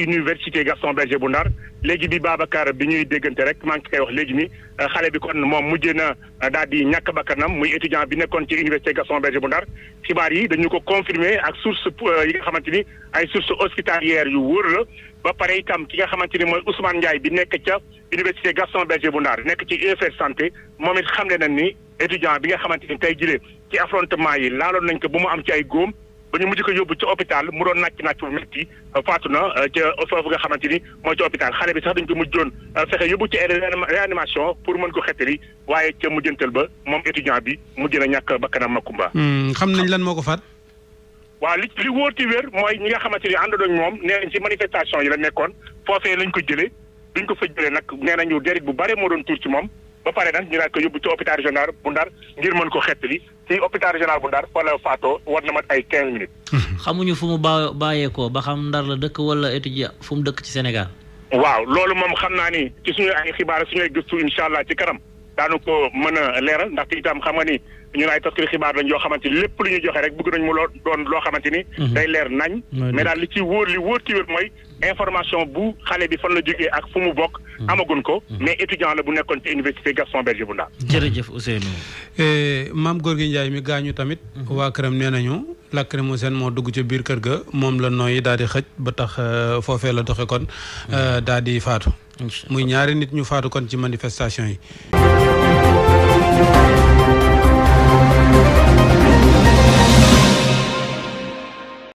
université Gaston Berger bu Ndar léegi bi Babacar bi ñuy déggante rek maa ngi koy wax léegi ni euh, xale bi kon moom mujj na euh, daal di ñàkk bakkanam muy étudiant bi nekkoon ci université Gaston Berger bu Ndar xibaar yi dañu ko confirmer ak source euh, yi nga xamante ni ay source hospitalière yu wóor la ba pare itam ki nga xamante ni mooy Ousmane Ndiaye bi nekk ca université Gaston Berger bu Ndar nekk ci UFR santé moom it xamle na ni étudiant bi nga xamante ni tey jile ci affrontement yi laaloon nañ ko bu mu am ci ay góom ba ñu mujj ko yóbbu ci hôpital mu doon nàcc nàcc bu métti faatu na euh, nga xamante ni mooy ci hôpital xale bi sax dañ ko mujjoon euh, fexe yóbbu ci réanimation pour mën ko xettali waaye ca mujjantal ba moom étudiant bi mujj na ñàkk bakkanam Makumba. Hmm, xam nañ lan moo ko faat. waa li li wóor ci wér mooy ñi nga xamante ni ànd nañ moom nee nañ ci manifestation yi la nekkoon foofee lañ ko jëlee duñ ko fa jëlee nag nee nañu deret bu bare moo doon tuur ci moom. ba pare nag ñu daal ko yóbbu ci hôpital régional bu Ndar ngir mën ko xettali ci hôpital régional bu Ndar fa la war na mat ay quinze minutes. xamuñu fu mu ba bàyyeekoo ba xam Ndar la dëkk wala étudiant fu mu dëkk ci Sénégal. waaw loolu moom xam naa ni ci suñu ay xibaar suñuy gëstu incha allah ci karam daanu ko mën a leeral ndaxte itam xam nga ni ñun ay taskati xibaar lañ yoo xamante ni lépp lu ñu joxe rek bëgg nañ mu loo doon loo xamante ni. Mhm. day leer nañ. mais daal li ci wóor li wóor ci mooy information bu xale bi fan la jógee ak fu mu bokk. Mhm. amagun ko mhm. mais étudiant la bu nekkoon ci université Gaston Berger bu Ndar. jërëjëf Ousseynou. Eh, maam Gorgui Ndiaye mi gaañu tamit. waa këram nee nañu lacrymogène moo dugg ca biir kër ga moom la yi daal di xëj ba tax euh, foofee la doxe kon euh, mm. daal di faatu muy ñaari nit ñu faatu kon ci manifestation yi